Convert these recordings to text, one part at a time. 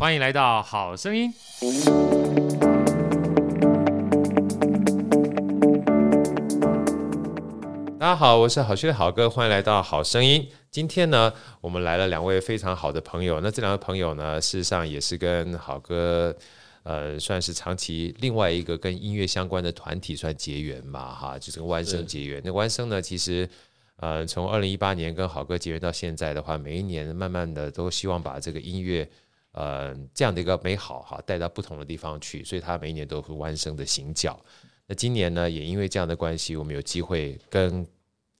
歡迎來到《郝聲音》。大家好，我是好學的郝哥，歡迎來到《郝聲音》。今天呢，我們來了兩位非常好的朋友。那這兩位朋友呢，事實上也是跟郝哥，呃，算是長期另外一個跟音樂相關的團體算結緣嘛，哈，就是跟萬聲結緣。是那萬聲呢，其實呃，從二零一八年跟郝哥結緣到現在的話，每一年慢慢的都希望把這個音樂，呃，這樣的一個美好哈，帶到不同的地方去，所以他每一年都會彎身的行腳。那今年呢，也因為這樣的關係，我們有機會跟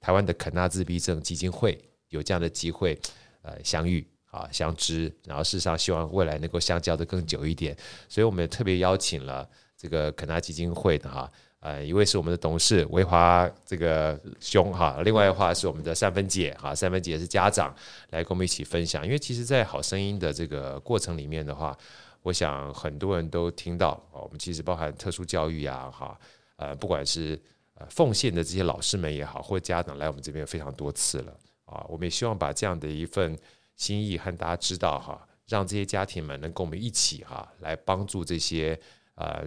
台灣的肯納自閉症基金會有這樣的機會呃，相遇啊相知，然後事實上希望未來能夠相交的更久一點，所以我們也特別邀請了這個肯納基金會的哈。啊呃，一位是我們的董事維華這個兄哈、啊，另外的話是我們的善芬姐哈、啊，善芬姐是家長來跟我們一起分享。因為其實在好聲音的這個過程裡面的話，我想很多人都聽到啊，我們其實包含特殊教育呀、啊、哈，呃、啊，不管是呃奉獻的這些老師們也好，或者家長來我們這邊非常多次了啊，我們也希望把這樣的一份心意和大家知道哈、啊，讓這些家庭們能跟我們一起哈、啊，來幫助這些呃。啊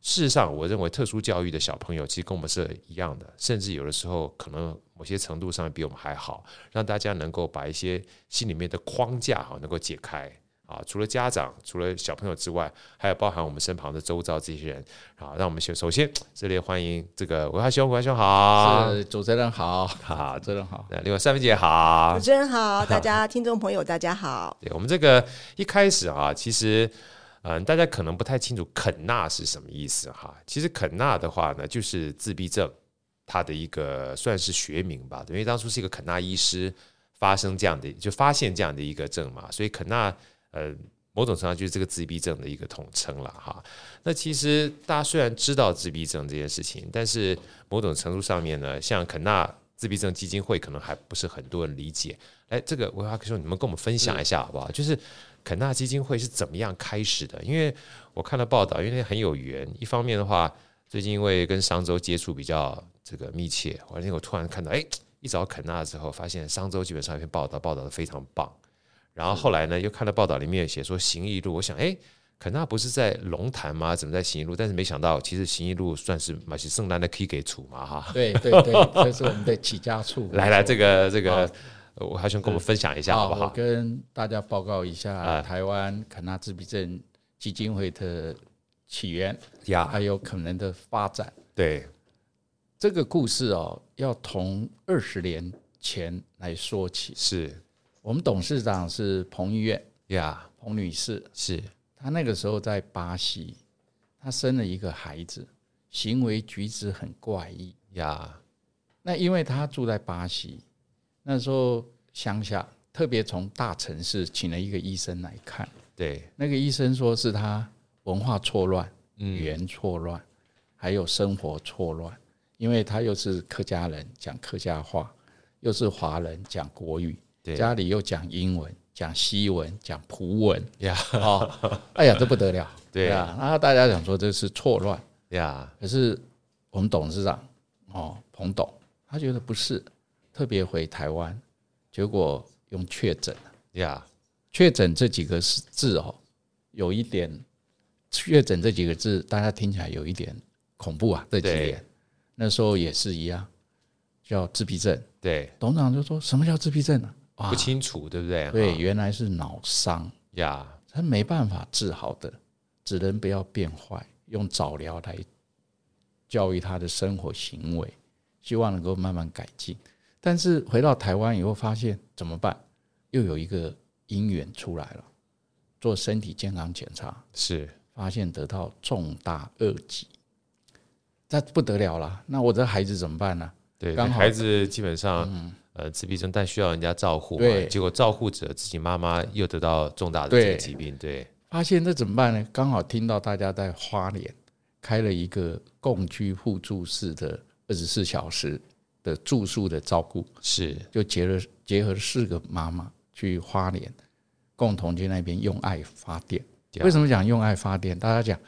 事實上，我認為特殊教育的小朋友其實跟我們是一樣的，甚至有的時候可能某些程度上比我們還好。讓大家能夠把一些心裡面的框架哈能夠解開啊。除了家長、除了小朋友之外，還有包含我們身旁的周遭這些人。好，讓我們先首先熱烈歡迎這個維華兄，維華兄好。是，主持人好，哈、啊，主持人好，另外善芬姐好，主持人好，大家聽眾朋友大家好。對，我們這個一開始啊，其實。嗯，呃、大家可能不太清楚“肯納”是什麼意思哈。其實“肯納”的話呢，就是自閉症它的一個算是學名吧，因為當初是一個肯納醫師發生這樣的就發現這樣的一個症嘛，所以肯納呃，某種程度上就是這個自閉症的一個統稱了哈。那其實大家雖然知道自閉症這件事情，但是某種程度上面呢，像肯納自閉症基金會可能還不是很多人理解。哎，這個維華克說，你們跟我們分享一下好不好？就是。肯納基金會是怎麼樣開始的？因為我看了報道，因為很有緣。一方面的話，最近因為跟商周接觸比較這個密切，而且我突然看到，誒、欸，一找肯納的時候，發現商周基本上一篇報道報道的非常棒。然後後來呢，又看了報道裡面寫說行義路，我想，哎、欸，肯納不是在龍潭嗎？怎麼在行義路？但是沒想到，其實行義路算是嘛是阮的起家厝嘛，哈。對對對， 這是我們的起家處。來來，這個這個。哦我還想跟我們分享一下，好不好，好？我跟大家報告一下、嗯、台灣肯納自閉症基金會的起源，呀，嗯、還有可能的發展。嗯、對，這個故事哦，要從二十年前來說起。是我們董事長是彭玉燕，呀，嗯、彭女士是她那個時候在巴西，她生了一個孩子，行為舉止很怪異，呀，嗯、那因為她住在巴西。那時候鄉下，特別從大城市請了一個醫生來看。對，那個醫生說是他文化錯亂、語言錯亂，嗯、還有生活錯亂，因為他又是客家人講客家話，又是華人講國語，對家裡又講英文、講西文、講葡文呀 Yeah、 哦。哎呀，這不得了。對，對啊，那大家講說這是錯亂呀。Yeah 可是我們董事長哦，彭董他覺得不是。特別回台灣，結果用確診呀！確診這幾個字哦，有一點確診這幾個字，大家聽起來有一點恐怖啊！這幾年，對 那時候也是一樣，叫自閉症。對，董事長就說：“什麼叫自閉症、啊？”不清楚，對不對？對，原來是腦傷呀，啊、他沒辦法治好的，只能不要變壞，用早療來教育他的生活行為，希望能夠慢慢改進。但是回到台灣以後，發現怎麼辦？又有一個因緣出來了，做身體健康檢查，是發現得到重大惡疾。那不得了了。那我的孩子怎麼辦呢、啊？嗯、對，剛孩子基本上呃自閉症，但需要人家照護對，結果照護者自己媽媽又得到重大的這個疾病，對。發現這怎麼辦呢？剛好聽到大家在花蓮開了一個共居互助式的二十四小時。的住宿的照顧是，就結了結合四個媽媽去花蓮，共同去那邊用愛發電。為什麼講用愛發電？大家講，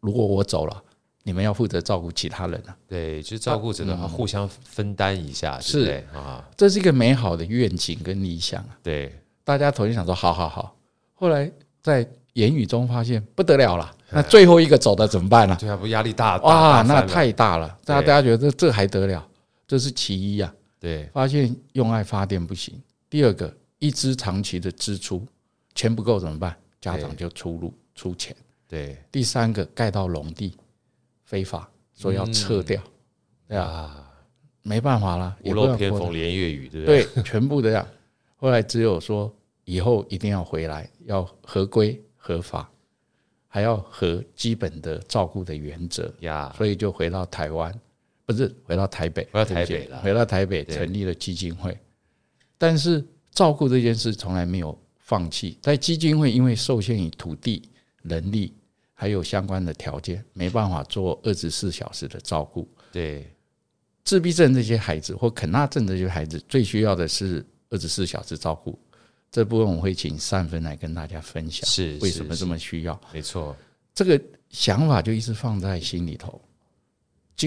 如果我走了，你們要負責照顧其他人啊。對，就照顧只能互相分擔一下是啊，這是一個美好的願景跟理想啊。對，大家頭意想說，好好好。後來在言語中發現不得了了，那最後一個走的怎麼辦呢？對啊，不壓力大啊，那太大了。大家大家覺得這這還得了？這是其一呀，對，發現用愛發電不行。第二個，一直長期的支出，錢不夠怎麼辦？家長就出路出錢。對,對，第三個蓋到農地，非法，所以要撤掉。嗯、對、啊、沒辦法了，屋漏偏逢連夜雨，對不對？對，全部的這樣。後來只有說以後一定要回來，要合規合法，還要合基本的照顧的原則呀。所以就回到台灣。不是回到台北，回到台北，對對，台北了。回到台北成立了基金會，對但是照顧這件事從來沒有放棄。在基金會，因為受限於土地、人力還有相關的條件，沒辦法做二十四小時的照顧。對，自閉症這些孩子或肯納症這些孩子，最需要的是二十四小時照顧。這部分我會請善芬來跟大家分享，是為什麼這麼需要是是是？沒錯，這個想法就一直放在心裡頭。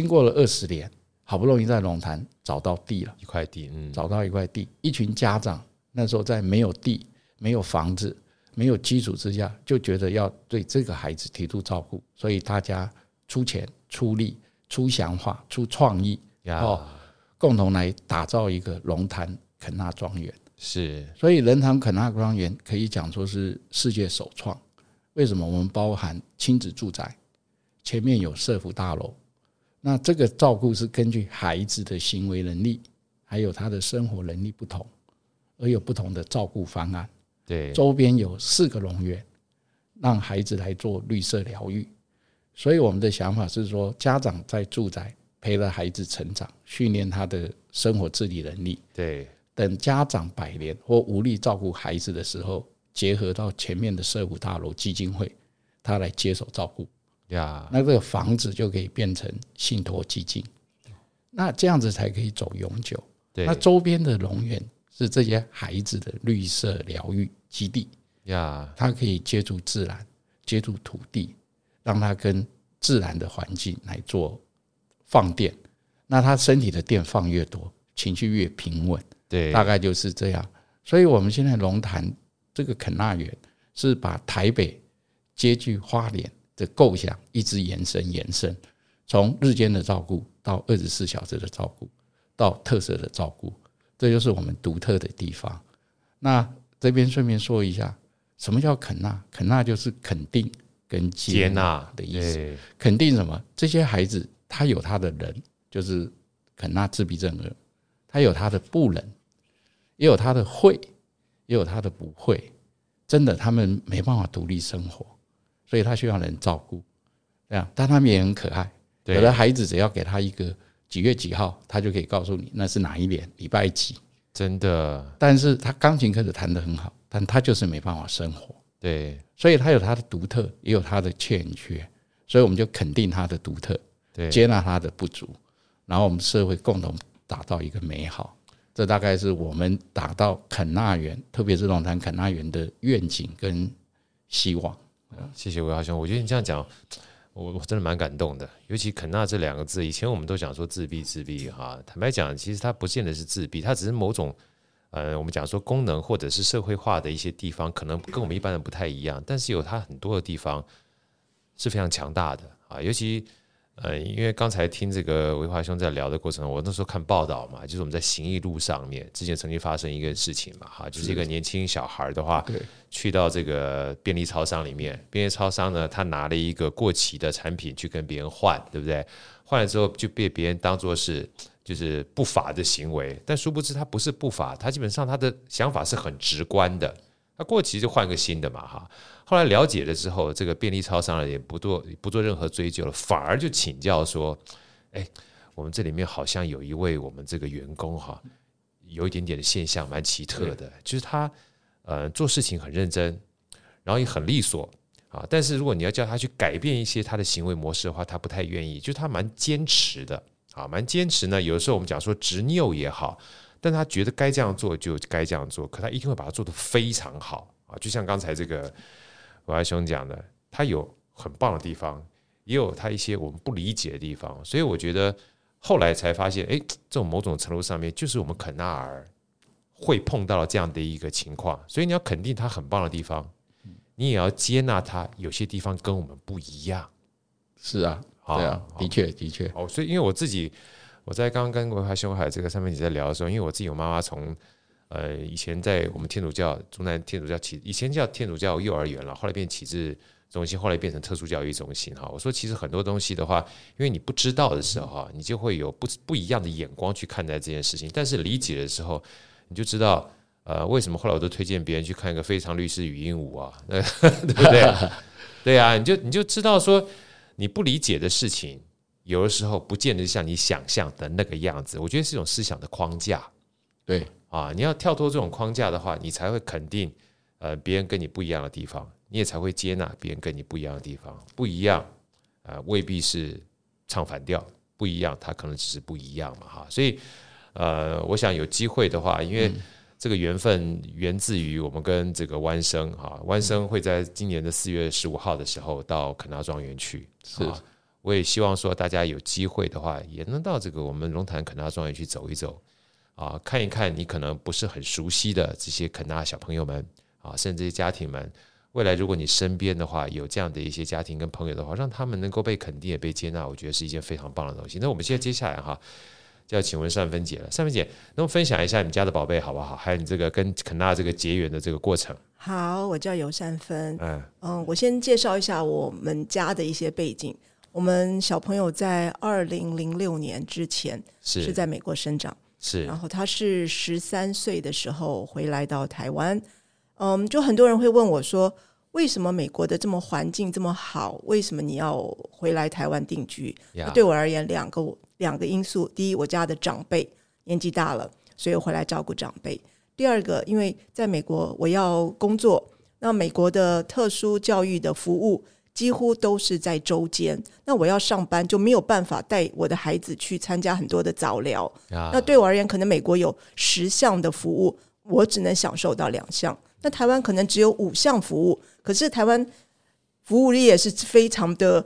經過了二十年，好不容易在龍潭找到地了，一塊地，嗯、找到一塊地，一群家長那時候在沒有地、沒有房子、沒有基礎之下，就覺得要對這個孩子提出照顧，所以大家出錢、出力、出想法、出創意，Yeah. 然後共同來打造一個龍潭肯納莊園。是，所以龍潭肯納莊園可以講說是世界首創。為什麼？我們包含親子住宅，前面有社福大樓。那這個照顧是根據孩子的行為能力，還有他的生活能力不同，而有不同的照顧方案。對，周邊有四個農園，讓孩子來做綠色療癒。所以我們的想法是說，家長在住宅陪了孩子成長，訓練他的生活自理能力。對，等家長百年或無力照顧孩子的時候，結合到前面的社福大樓基金會，他來接手照顧。呀，Yeah. 那這個房子就可以變成信托基金，那這樣子才可以走永久。對，Yeah. 那周邊的龍園是這些孩子的綠色療癒基地。呀，Yeah. 他可以接觸自然，接觸土地，讓他跟自然的環境來做放電。那他身體的電放越多，情緒越平穩。對，Yeah. 大概就是這樣。所以我們現在龍潭這個肯納園是把台北接具花蓮的構想一直延伸延伸，從日間的照顧到二十四小時的照顧，到特色的照顧，這就是我們獨特的地方。那這邊順便說一下，什麼叫肯納？肯納就是肯定跟接納的意思。肯定什麼？這些孩子他有他的人，就是肯納自閉症兒，他有他的不能，也有他的會，也有他的不會。真的，他們沒辦法獨立生活。所以他需要人照顧，這樣，但他們也很可愛。有的孩子只要給他一個幾月幾號，他就可以告訴你那是哪一年，禮拜幾，真的。但是他鋼琴課就彈得很好，但他就是沒辦法生活。對，所以他有他的獨特，也有他的欠缺，所以我們就肯定他的獨特，對，接納他的不足，然後我們社會共同打造一個美好。這大概是我們打造肯納園，特別是龍潭肯納園的願景跟希望。謝謝維華兄，我覺得你這樣講，我我真的蠻感動的。尤其“肯納”這兩個字，以前我們都講說自閉，自閉哈、啊。坦白講，其實它不見得是自閉，它只是某種呃，我們講說功能或者是社會化的一些地方，可能跟我們一般人不太一樣，但是有它很多的地方是非常強大的啊，尤其。呃，因為剛才聽這個維華兄在聊的過程，我那時候看報道嘛，就是我們在行義路上面之前曾經發生一個事情嘛，哈，就是一個年輕小孩的話，去到這個便利超商裡面，便利超商呢，他拿了一個過期的產品去跟別人換，對不對？換了之後就被別人當作是就是不法的行為，但殊不知他不是不法，他基本上他的想法是很直觀的，他過期就換個新的嘛，哈。後來了解了之後，這個便利超商也不做不做任何追究了，反而就請教說：“哎，我們這裡面好像有一位我們這個員工哈，有一點點的現象蠻奇特的，對就是他呃做事情很認真，然後也很利索啊。但是如果你要叫他去改變一些他的行為模式的話，他不太願意，就他蠻堅持的啊，蠻堅持呢。有的時候我們講說執拗也好，但他覺得該這樣做就該這樣做，可他一定會把它做得非常好啊。就像剛才這個。我維華兄講的，他有很棒的地方，也有他一些我們不理解的地方，所以我覺得後來才發現，哎、欸，這種某種程度上面就是我們肯納兒會碰到這樣的一個情況，所以你要肯定他很棒的地方，你也要接納他有些地方跟我們不一樣。是啊，好對啊，好的確，的確。哦，所以因為我自己，我在剛剛跟維華兄還有這個上面一直在聊的時候，因為我自己有媽媽從。呃，以前在我們天主教中南天主教啟，以前叫天主教幼兒園了，後來變啟智中心，後來變成特殊教育中心哈。我說，其實很多東西的話，因為你不知道的時候，你就會有不不一樣的眼光去看待這件事情。但是理解的時候，你就知道，呃，為什麼後來我都推薦別人去看一個《非常律師禹英禑》啊，對，對不對？ 對啊，你就你就知道說，你不理解的事情，有的時候不見得像你想象的那個樣子。我覺得是一種思想的框架，對。啊，你要跳脫這種框架的話，你才會肯定，呃，別人跟你不一樣的地方，你也才會接納別人跟你不一樣的地方。不一樣，呃，未必是唱反調，不一樣，它可能只是不一樣嘛，哈、啊。所以，呃，我想有機會的話，因為這個緣分源自於我們跟這個灣生，哈、啊，灣生會在今年的四月十五號的時候到肯納莊園去，是，是、啊。我也希望說大家有機會的話，也能到這個我們龍潭肯納莊園去走一走。啊，看一看你可能不是很熟悉的這些肯納小朋友們啊，甚至家庭們，未來如果你身邊的話有這樣的一些家庭跟朋友的話，讓他們能夠被肯定也被接納，我覺得是一件非常棒的東西。那我們現在接下來哈，就、啊、要請問善芬姐了。善芬姐，那我分享一下你們家的寶貝好不好？還有你這個跟肯納這個結緣的這個過程。好，我叫尤善芬。嗯嗯，我先介紹一下我們家的一些背景。我們小朋友在二零零六年之前是在美國生長。是然後他是十三歲的時候回來到台灣，嗯、um,，就很多人會問我說，為什麼美國的這麼環境這麼好？為什麼你要回來台灣定居？Yeah. 對我而言，兩個兩個因素，第一，我家的長輩年紀大了，所以我回來照顧長輩；第二個，因為在美國我要工作，那美國的特殊教育的服務。幾乎都是在週間，那我要上班就沒有辦法帶我的孩子去參加很多的早療。啊、那對我而言，可能美國有十項的服務，我只能享受到兩項。那台灣可能只有五項服務，可是台灣服務力也是非常的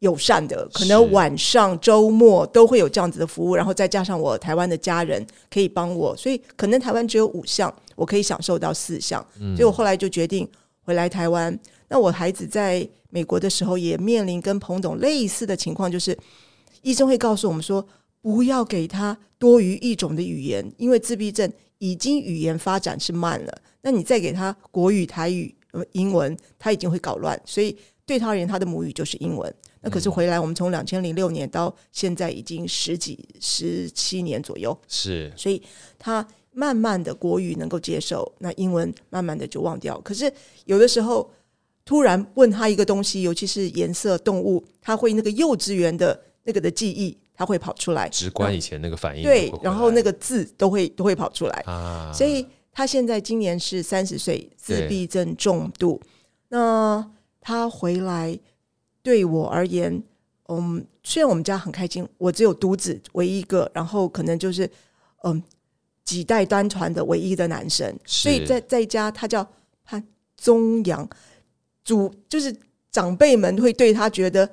友善的，可能晚上、周是末都會有這樣子的服務。然後再加上我台灣的家人可以幫我，所以可能台灣只有五項，我可以享受到四項。嗯、所以我後來就決定回來台灣。那我孩子在美國的時候也面臨跟彭總類似的情況，就是醫生會告訴我們說，不要給他多於一種的語言，因為自閉症已經語言發展是慢了。那你再給他國語、台語、英文，他已經會搞亂。所以對他而言，他的母語就是英文。那可是回來，我們從2006年到現在已經十幾、十七年左右，是，所以他慢慢的國語能夠接受，那英文慢慢的就忘掉。可是有的時候。突然問他一個東西，尤其是顏色、動物，他會那個幼稚園的那個的記憶，他會跑出來，直觀以前那個反應，嗯。對，然後那個字都會都會跑出來。啊，所以他現在今年是三十歲，自閉症重度。對那他回來對我而言，嗯，雖然我們家很開心，我只有獨子，唯一一個，然後可能就是嗯幾代單傳的唯一的男生。是所以在在家他，他叫潘宗陽。祖就是長輩們會對他覺得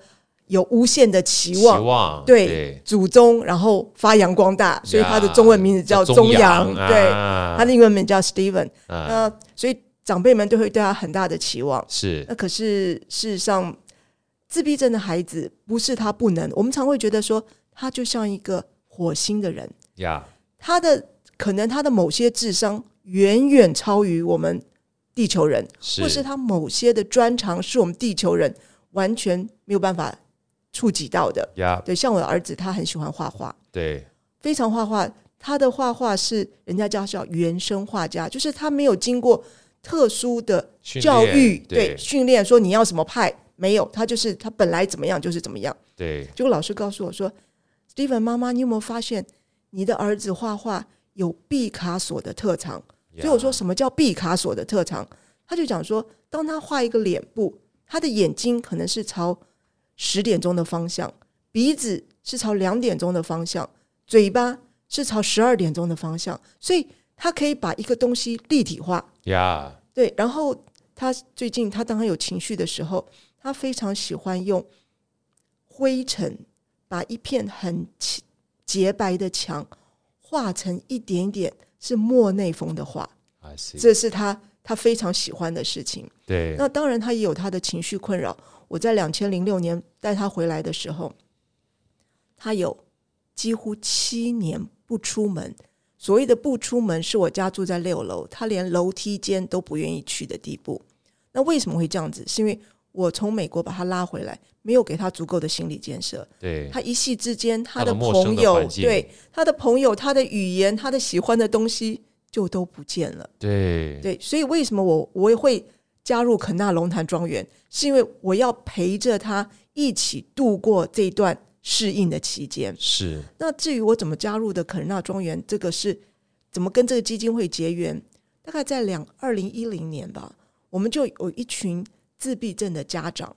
有無限的期望，期望對，對祖宗，然後發揚光大，所以他的中文名字叫中陽，啊、中陽對，啊、他的英文名叫 Steven、啊。那、呃、所以長輩們都會對他很大的期望，是。那可是事實上自閉症的孩子不是他不能，我們常會覺得說他就像一個火星的人呀，啊、他的可能他的某些智商遠遠超於我們。地球人，或是他某些的專長，是我們地球人完全沒有辦法觸及到的。Yep. 對，像我的兒子，他很喜歡畫畫，對，非常畫畫。他的畫畫是人家叫叫原生畫家，就是他沒有經過特殊的教育，對訓練，說你要什麼派沒有，他就是他本來怎麼樣就是怎麼樣。對，結果老師告訴我說：“Steven 媽媽，你有沒有發現你的兒子畫畫有畢卡索的特長？” Yeah. 所以我說，什麼叫畢卡索的特長？他就講說，當他畫一個臉部，他的眼睛可能是朝十點鐘的方向，鼻子是朝兩點鐘的方向，嘴巴是朝十二點鐘的方向，所以他可以把一個東西立體化。Yeah. 對。然後他最近，他當他有情緒的時候，他非常喜歡用灰塵把一片很潔白的牆畫成一點點。是莫內風的畫，I see. 這是他他非常喜歡的事情。對，那當然他也有他的情緒困擾。我在2006年帶他回來的時候，他有幾乎七年不出門。所謂的不出門，是我家住在六樓，他連樓梯間都不願意去的地步。那為什麼會這樣子？是因為我從美國把他拉回來。沒有給他足夠的心理建設，對，他一夕之間，他的朋友，他對他的朋友，他的語言，他的喜歡的東西就都不見了。對對，所以為什麼我我會加入肯納龍潭莊園，是因為我要陪着他一起度過這一段適應的期間。是那至於我怎麼加入的肯納莊園，這個是怎麼跟這個基金會結緣？大概在兩二零一零年吧，我們就有一群自閉症的家長。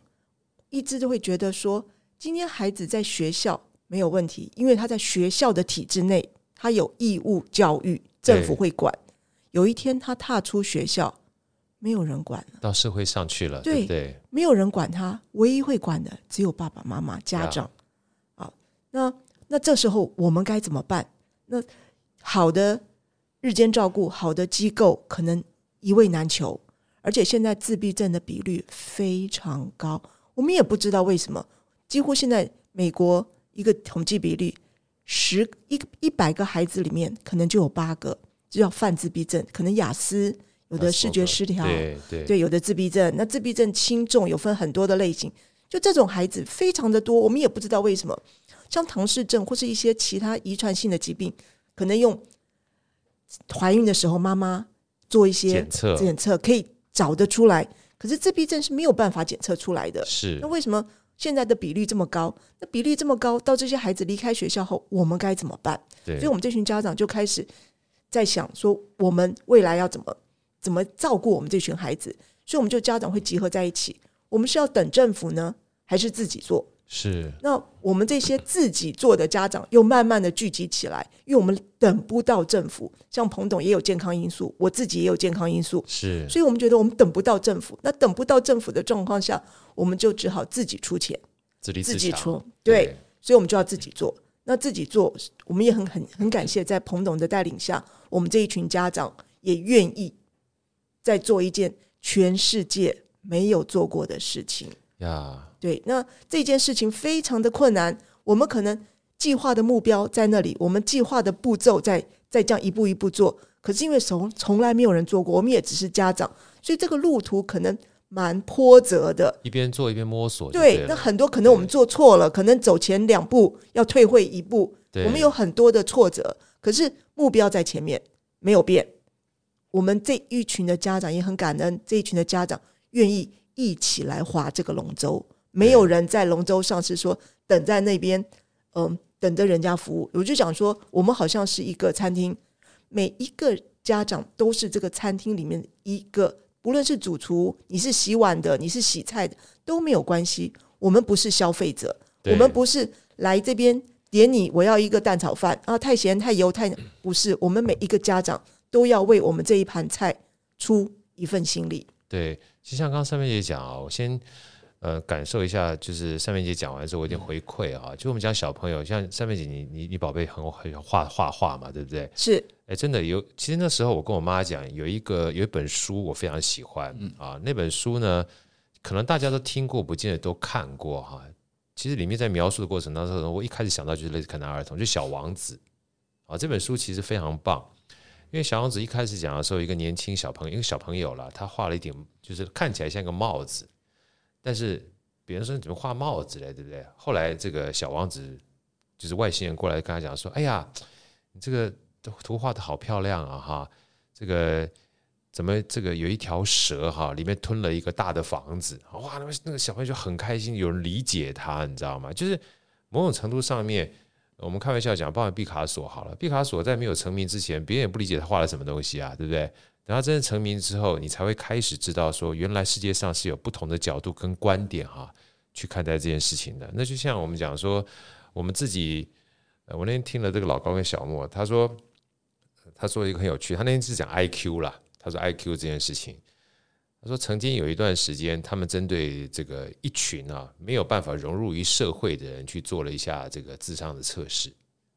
一直都會覺得說，今天孩子在學校沒有問題，因為他在學校的體制內，他有義務教育，政府會管。對有一天他踏出學校，沒有人管了，到社會上去了，對不對？對對，沒有人管他，唯一會管的只有爸爸媽媽、家長。啊、好，那那這時候我們該怎麼辦？那好的日間照顧、好的機構可能一位難求，而且現在自閉症的比率非常高。我們也不知道為什麼，幾乎現在美國一個統計比例，十一一百個孩子裡面可能就有八個就叫泛自閉症，可能亞斯，有的視覺失調，啊、對對，對，有的自閉症。那自閉症輕重有分很多的類型，就這種孩子非常的多，我們也不知道為什麼。像唐氏症或是一些其他遺傳性的疾病，可能用懷孕的時候媽媽做一些檢測，檢測可以找得出來。可是自閉症是沒有辦法檢測出來的，是。那為什麼現在的比例這麼高？那比例這麼高，到這些孩子離開學校後，我們該怎麼辦？對所以，我們這群家長就開始在想說，我們未來要怎麼怎麼照顧我們這群孩子？所以，我們就家長會集合在一起，我們是要等政府呢，還是自己做？是，那我們這些自己做的家長又慢慢的聚集起來，因為我們等不到政府。像彭董也有健康因素，我自己也有健康因素，是，所以我們覺得我們等不到政府。那等不到政府的狀況下，我們就只好自己出錢，自，自，自己出，對，對，所以我們就要自己做。那自己做，我們也很很很感謝在彭董的帶領下，我們這一群家長也願意在做一件全世界沒有做過的事情呀。Yeah. 對，那這件事情非常的困難。我們可能計劃的目標在那裡，我們計劃的步驟在在這樣一步一步做。可是因為從從來沒有人做過，我們也只是家長，所以這個路途可能蠻波折的。一邊做一邊摸索對。對，那很多可能我們做錯了，對可能走前兩步要退回一步。對我們有很多的挫折。可是目標在前面沒有變。我們這一群的家長也很感恩，這一群的家長願意一起來划這個龍舟。對沒有人在龍舟上是說等在那邊，嗯，等着人家服務。我就想說，我們好像是一個餐廳，每一個家長都是這個餐廳裡面一個，不論是主廚，你是洗碗的，你是洗菜的，都沒有關係。我們不是消費者，對我們不是來這邊點你，我要一個蛋炒飯啊，太鹹太油太不是。我們每一個家長都要為我們這一盤菜出一份心力。對，其實像剛剛上面也講啊，我先。呃，感受一下，就是善芬姐講完之後，我有點回饋啊。就我們講小朋友，像善芬姐，你你你寶貝很會畫畫畫嘛，對不對？是，哎，真的有。其實那時候我跟我媽講，有一個有一本書我非常喜歡啊。那本書呢，可能大家都聽過，不見得都看過哈、啊。其實裡面在描述的過程當中，我一開始想到就是類似肯納兒童，就小王子啊。這本書其實非常棒，因為小王子一開始講的時候，一個年輕小朋友，一個小朋友啦，他畫了一頂，就是看起來像一個帽子。但是別人說，你怎麼畫帽子嘞？對不對？後來這個小王子就是外星人過來跟他講說，哎呀，你這個圖畫得好漂亮啊哈，這個怎麼這個有一條蛇哈，裡面吞了一個大的房子，哇，那個小朋友就很開心，有人理解他，你知道嗎？就是某種程度上面，我們開玩笑講，包括畢卡索好了，畢卡索在沒有成名之前，別人也不理解他畫了什麼東西啊，對不對？等他真的成名之後，你才會開始知道說，原來世界上是有不同的角度跟觀點哈、啊，去看待這件事情的。那就像我們講說，我們自己，我那天聽了這個老高跟小莫，他說，他說一個很有趣，他那天是講 IQ 啦，他說 IQ 這件事情，他說曾經有一段時間，他們針對這個一群啊沒有辦法融入於社會的人去做了一下這個智商的測試，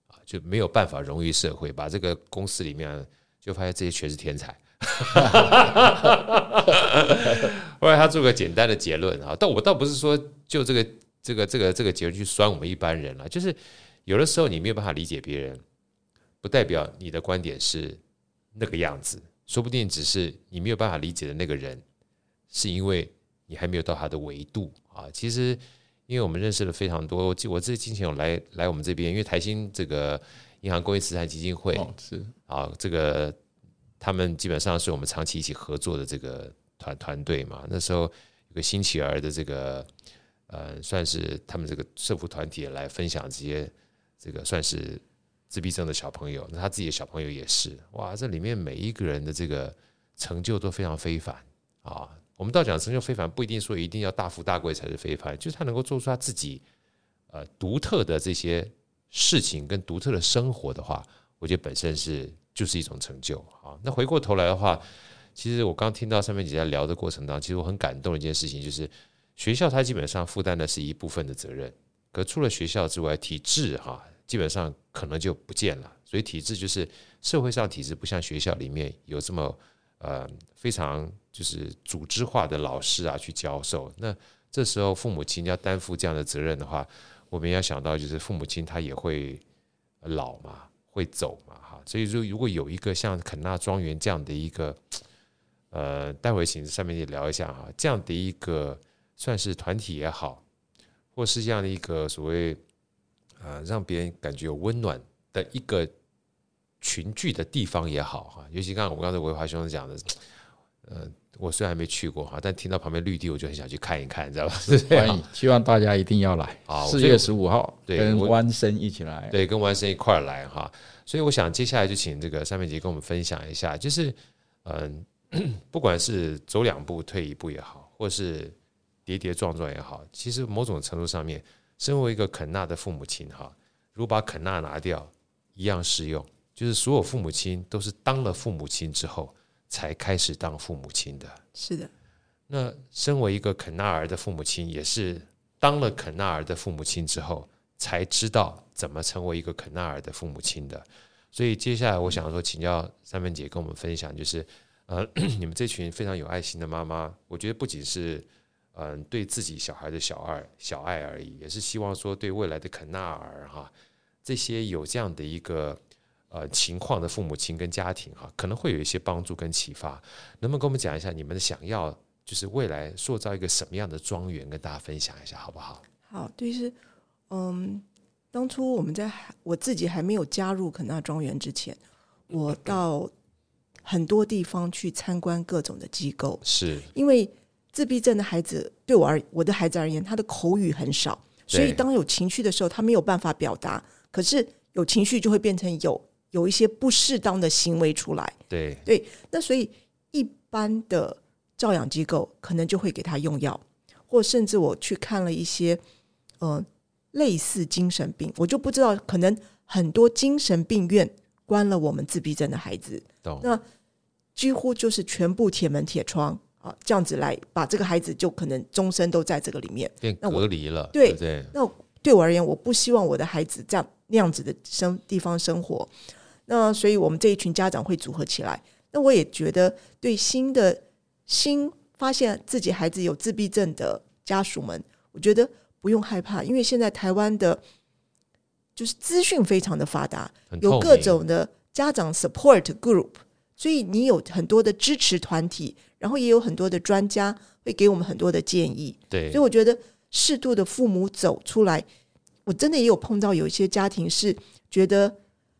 啊，就沒有辦法融入社會，把這個公司裡面就發現這些全是天才。我 來，他做個簡單的結論啊！但我倒不是說就這個、這個、這個、這個結論去酸我們一般人啊。就是有的時候你沒有辦法理解別人，不代表你的觀點是那個樣子。說不定只是你沒有辦法理解的那個人，是因為你還沒有到他的維度啊。其實，因為我們認識了非常多，我我之前有來來我們這邊，因為台新這個銀行公益慈善基金會是啊，這個。他們基本上是我們長期一起合作的這個團團隊嘛。那時候有個新奇兒的這個呃，算是他們這個社福團體來分享這些這個算是自閉症的小朋友，那他自己的小朋友也是哇，這裡面每一個人的這個成就都非常非凡啊！我們倒講成就非凡，不一定說一定要大富大貴才是非凡，就是他能夠做出他自己呃獨特的這些事情跟獨特的生活的話，我覺得本身是。就是一種成就啊！那回過頭來的話，其實我剛聽到上面幾在聊的過程當中，其實我很感動的一件事情就是，學校它基本上負擔的是一部分的責任，可除了學校之外，體制哈、啊，基本上可能就不見了。所以體制就是社會上體制，不像學校裡面有這麼呃非常就是組織化的老師啊去教授。那這時候父母親要擔負這樣的責任的話，我們要想到就是父母親他也會老嘛，會走嘛。所以說，如果有一個像肯納莊園這樣的一個，呃，待會請上面也聊一下啊，這樣的一個算是團體也好，或是這樣的一個所謂、呃，讓別人感覺有溫暖的一個群聚的地方也好哈，尤其剛我剛才維華兄講的，嗯。我雖然沒去過哈，但聽到旁邊綠地，我就很想去看一看，你知道吧？希望大家一定要來。四月十五號，對，跟灣生一起來，對，對，跟灣生一塊來哈。對對對。所以我想接下來就請這個善芬姐跟我們分享一下，就是嗯，不管是走兩步退一步也好，或是跌跌撞撞也好，其實某種程度上面，身為一個肯納的父母親哈，如果把肯納拿掉一樣適用，就是所有父母親都是當了父母親之後。才開始當父母親的。是的，那身為一個肯納兒的父母親，也是當了肯納兒的父母親之後，才知道怎麼成為一個肯納兒的父母親的。所以接下來我想說，請教善芬姐跟我們分享，就是呃，你們這群非常有愛心的媽媽，我覺得不僅是嗯對自己小孩的小愛小愛而已，也是希望說對未來的肯納兒哈這些有這樣的一個。呃，情況的父母親跟家庭哈，啊，可能會有一些幫助跟啟發。能不能跟我們講一下你們想要就是未來塑造一個什麼樣的莊園，跟大家分享一下好不好？好，對於是嗯，當初我們在我自己還沒有加入肯納莊園之前，我到很多地方去參觀各種的機構，是因為自閉症的孩子對我而我的孩子而言，他的口語很少，對所以當有情緒的時候，他沒有辦法表達，可是有情緒就會變成有。有一些不適當的行為出來，對對，那所以一般的照養機構可能就會給他用藥，或甚至我去看了一些、呃，類似精神病，我就不知道可能很多精神病院關了我們自閉症的孩子，懂那幾乎就是全部鐵門鐵窗啊，這樣子來把這個孩子就可能終身都在這個裡面被隔離了。對，對對那對我而言，我不希望我的孩子這樣那樣子的生地方生活。那所以，我們這一群家長會組合起來。那我也覺得，對新的新發現自己孩子有自閉症的家屬們，我覺得不用害怕，因為現在台灣的，就是資訊非常的發達，有各種的家長 support group，所以你有很多的支持團體，然後也有很多的專家會給我們很多的建議。對，所以我覺得適度的父母走出來，我真的也有碰到有一些家庭是覺得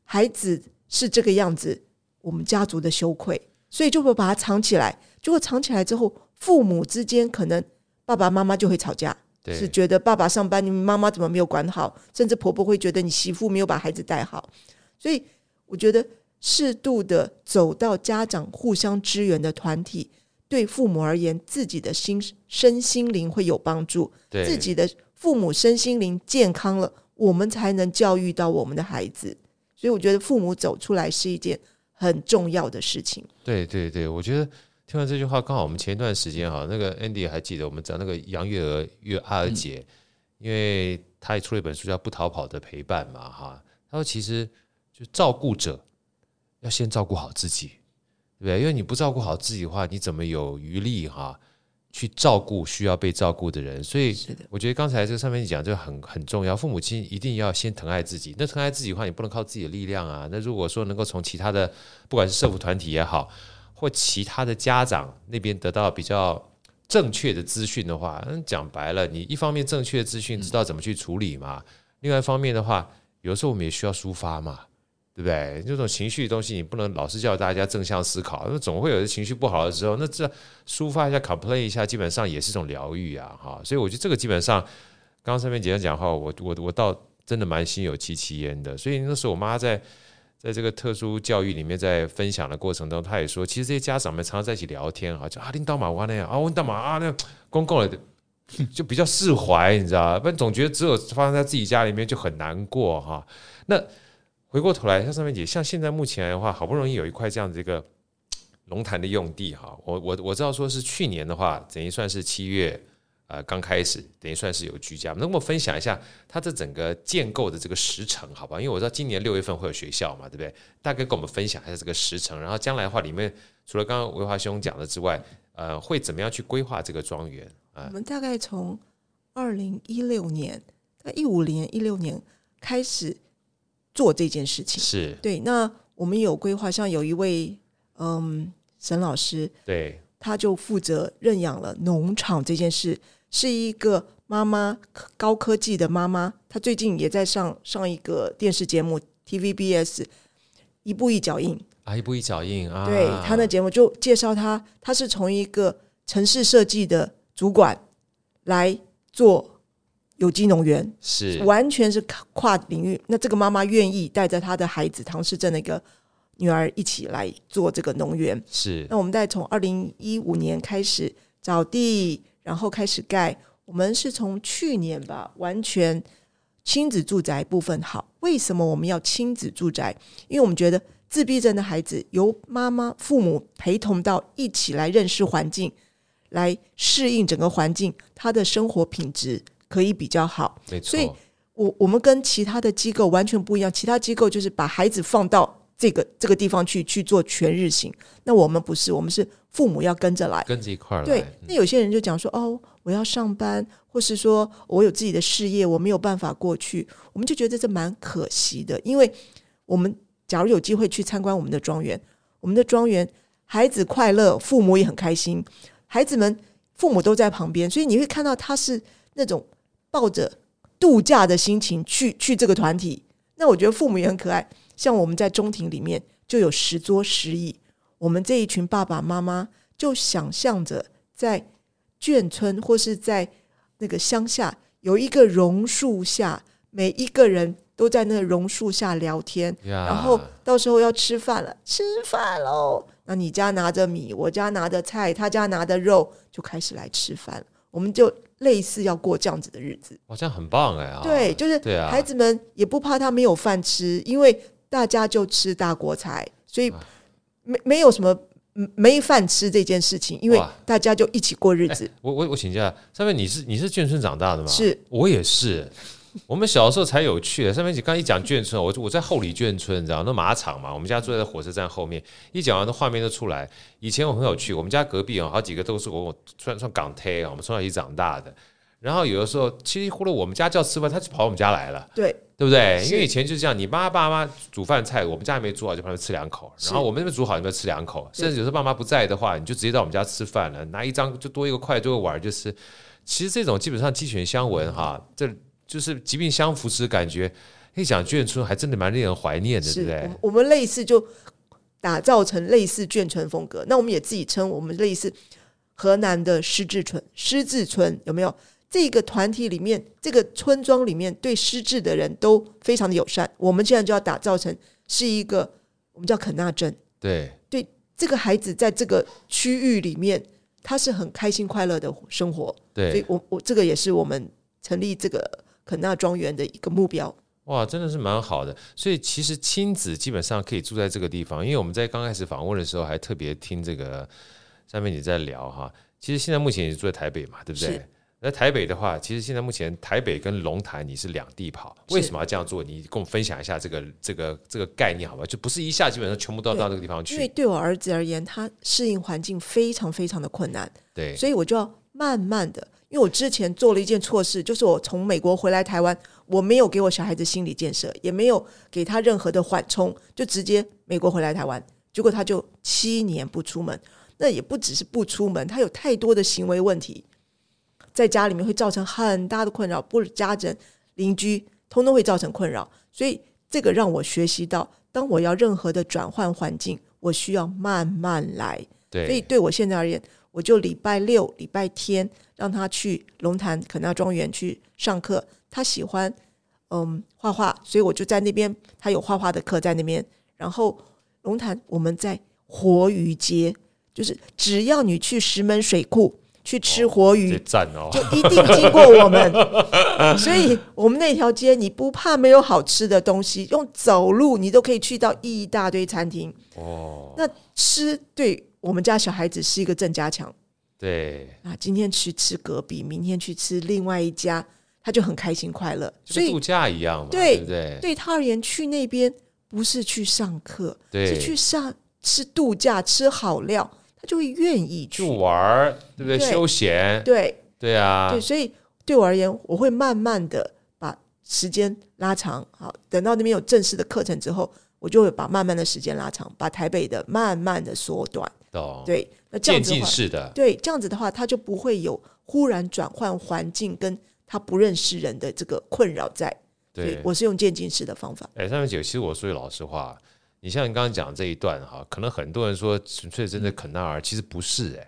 孩子。是這個樣子，我們家族的羞愧，所以就會把它藏起來。就會藏起來之後，父母之間可能爸爸媽媽就會吵架，對是覺得爸爸上班，你媽媽怎麼沒有管好？甚至婆婆會覺得你媳婦沒有把孩子帶好。所以，我覺得適度的走到家長互相支援的團體，對父母而言，自己的心身心靈會有幫助。對，自己的父母身心靈健康了，我們才能教育到我們的孩子。所以我覺得父母走出來是一件很重要的事情。對對對，我覺得聽完這句話，剛好我們前一段時間哈，那個 Andy 還記得我們講那個楊月娥月娥姐，嗯，因為她也出了一本書叫《不逃跑的陪伴》嘛哈。她說其實就照顧者要先照顧好自己，對不對？因為你不照顧好自己的話，你怎麼有餘力哈？去照顧需要被照顧的人，所以我覺得剛才這個上面講就很很重要。父母親一定要先疼愛自己，那疼愛自己的話，你不能靠自己的力量啊。那如果說能夠從其他的，不管是社福團體也好，或其他的家長那邊得到比較正確的資訊的話，講白了，你一方面正確的資訊知道怎麼去處理嘛，另外一方面的話，有時候我們也需要抒發嘛。對不對？這種情緒的東西，你不能老是叫大家正向思考，那總會有的情緒不好的時候，那這抒發一下、complain 一下，基本上也是種療癒啊！哈，所以我覺得這個基本上，剛剛上面幾個講話，我我我倒真的蠻心有戚戚焉的。所以那時候我媽在在這個特殊教育裡面，在分享的過程中，她也說，其實這些家長們常常在一起聊天啊，就啊，問大媽玩呢，啊，問大媽啊，那公共的就比較釋懷，你知道吧？不然總覺得只有發生在自己家裡面就很難過哈、啊。那。回過頭來，像上面姐，像現在目前的話，好不容易有一塊這樣子一個龍潭的用地哈。我我我知道說是去年的話，等於算是七月呃，剛開始，等於算是有居家。那跟我們分享一下它這整個建構的這個時程，好吧？因為我知道今年六月份會有學校嘛，對不對？大概跟我們分享一下這個時程，然後將來的話，裡面除了剛剛維華兄講的之外，呃，會怎麼樣去規劃這個莊園啊？呃、我們大概從二零一六年，在一五年一六年開始。做這件事情是對。那我們有規劃，像有一位嗯，沈老師，對，他就負責認養了農場這件事，是一個媽媽，高科技的媽媽，她最近也在上上一個電視節目 TVBS，啊《一步一腳印》啊，一步一腳印啊，對，他的節目就介紹他，他是從一個城市設計的主管來做。有機農園是，完全是跨領域。那這個媽媽願意帶着她的孩子唐氏症的一個女兒一起來做這個農園是。那我們再從二零一五年開始找地，然後開始蓋。我們是從去年吧，完全親子住宅部分好。為什麼我們要親子住宅？因為我們覺得自閉症的孩子由媽媽、父母陪同到一起來認識環境，來適應整個環境，他的生活品質。可以比較好，沒錯 所以，我我們跟其他的機構完全不一樣。其他機構就是把孩子放到這個這個地方去去做全日行。那我們不是，我們是父母要跟着來，跟着一塊兒來。對，嗯、那有些人就講說：“哦，我要上班，或是說我有自己的事業，我沒有辦法過去。”我們就覺得這蠻可惜的，因為我們假如有機會去參觀我們的莊園，我們的莊園孩子快樂，父母也很開心，孩子們父母都在旁邊，所以你會看到他是那種。抱着度假的心情去去這個團體，那我覺得父母也很可愛。像我們在中庭裡面就有十桌十椅，我們這一群爸爸媽媽就想象着在眷村或是在那個鄉下有一個榕樹下，每一個人都在那個榕樹下聊天，Yeah. 然後到時候要吃飯了，吃飯嘍！那你家拿着米，我家拿着菜，他家拿着肉，就開始來吃飯了。我們就。類似要過這樣子的日子，好像很棒哎。對，就是孩子們也不怕他沒有飯吃，啊、因為大家就吃大鍋菜，所以沒沒有什麼沒飯吃這件事情，哇因為大家就一起過日子。欸、我我我請教，三位你是你是眷村長大的嗎？是，我也是。我們小時候才有趣的，上面你剛一講眷村，我就我在后里眷村。你知道那馬場嘛？我們家住在火車站後面。一講完，那畫面就出來。以前我很有趣，我們家隔壁啊，好幾個都是我我算算港台啊，我們從小一起長大的。然後有的時候，稀里糊塗，我們家叫吃飯，他就跑我們家來了。對，對不對？是因為以前就是這樣，你媽爸媽煮飯菜，我們家還沒煮好，就旁邊吃兩口。是然後我們那邊煮好，你們吃兩口。是甚至有時候爸媽不在的話，你就直接到我們家吃飯了，對拿一張就多一個筷，多一個碗，就是。其實這種基本上雞犬相聞哈，這。就是疾病相扶持的感覺，一講眷村，還真的蠻令人懷念的，是對不對？我，我們類似就打造成類似眷村風格，那我們也自己稱我們類似河南的失智村，失智村有沒有？這個團體裡面，這個村莊裡面對失智的人都非常的友善。我們現在就要打造成是一個我們叫肯納鎮，對對，這個孩子在這個區域裡面，他是很開心快樂的生活。對，所以我我這個也是我們成立這個。肯納莊園的一個目標哇，真的是蠻好的。所以其實親子基本上可以住在這個地方，因為我們在剛開始訪問的時候還特別聽這個上面你在聊哈。其實現在目前也是住在台北嘛，對不對？那是台北的話，其實現在目前台北跟龍潭你是兩地跑，是為什麼要這樣做？你跟我們分享一下這個這個這個概念好吧？就不是一下基本上全部都要到那對個地方去。因為對我兒子而言，他適應環境非常非常的困難，對，所以我就要慢慢的。因為我之前做了一件錯事，就是我從美國回來台灣，我沒有給我小孩子心理建設，也沒有給他任何的緩衝，就直接美國回來台灣，結果他就七年不出門。那也不只是不出門，他有太多的行為問題，在家裡面會造成很大的困擾，不是家人、鄰居，通通會造成困擾。所以這個讓我學習到，當我要任何的轉換環境，我需要慢慢來。對所以對我現在而言，我就禮拜六、禮拜天。讓他去龍潭肯納莊園去上課，他喜歡嗯畫畫，所以我就在那邊，他有畫畫的課在那邊。然後龍潭我們在活魚街，就是只要你去石門水庫去吃活魚、哦哦、就一定經過我們。 所以我們那條街，你不怕沒有好吃的東西，用走路你都可以去到一大堆餐廳。哦，那吃對我們家小孩子是一個正加強對啊，今天去吃隔壁，明天去吃另外一家，他就很開心快樂，所以就度假一樣嘛，對不對？對對，對他而言，去那邊不是去上課，對，是去上吃度假，吃好料，他就會願意去住玩，對不對？對休閒，對，對啊，對。所以對我而言，我會慢慢的把時間拉長，好，等到那邊有正式的課程之後，我就會把慢慢的時間拉長，把台北的慢慢的縮短，懂對。那這樣子的話，對這樣子的話，他就不會有忽然轉換環境跟他不認識人的這個困擾在。對我是用漸進式的方法、欸。哎，善芬姐，其實我說句老實話，你像你剛剛講這一段哈，可能很多人說純粹真的肯納兒，嗯、其實不是哎、欸。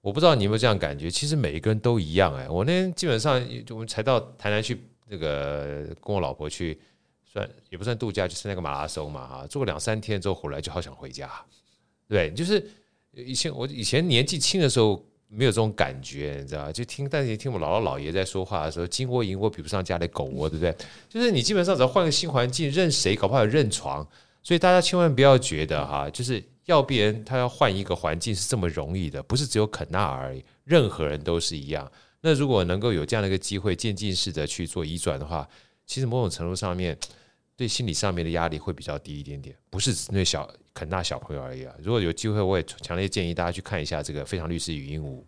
我不知道你有沒有這樣感覺？其實每一個人都一樣哎、欸。我那天基本上就我們才到台南去，那個跟我老婆去算也不算度假，就是那個馬拉松嘛哈，住兩三天之後回來就好想回家，對，就是。以前我以前年紀輕的時候沒有這種感覺，你知道就聽，但是聽我姥姥姥爺在說話的時候，金窩銀窩比不上家裡狗窩，對不對？就是你基本上只要換個新環境，任誰搞不好認床。所以大家千萬不要覺得哈，就是要別人他要換一個環境是這麼容易的，不是只有肯納而已，任何人都是一樣。那如果能夠有這樣的一個機會，漸進式的去做移轉的話，其實某種程度上面對心理上面的壓力會比較低一點點，不是只那小。肯納小朋友而已啊！如果有機會，我也強烈建議大家去看一下這個非常律師語音屋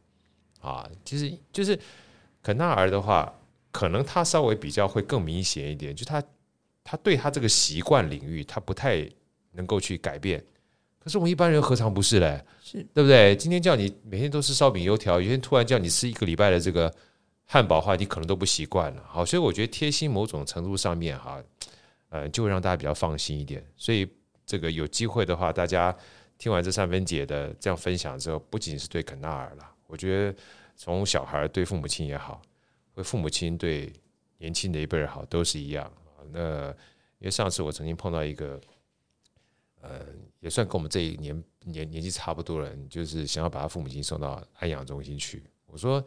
啊。其實就,就是肯納兒的話，可能他稍微比較會更明顯一點，就他他對他這個習慣領域，他不太能夠去改變。可是我們一般人何嘗不是嘞？是對不對？今天叫你每天都吃燒餅油條，有一天突然叫你吃一個禮拜的這個漢堡的話，你可能都不習慣了。好，所以我覺得貼心某種程度上面哈，呃，就會讓大家比較放心一點。所以。這個有機會的話，大家聽完這三分解的這樣分享之後，不僅是對肯納兒了，我覺得從小孩對父母親也好，或父母親對年輕的一輩也好，都是一樣。那因為上次我曾經碰到一個，呃，也算跟我們這一年年年紀差不多的人，就是想要把他父母親送到安養中心去。我說，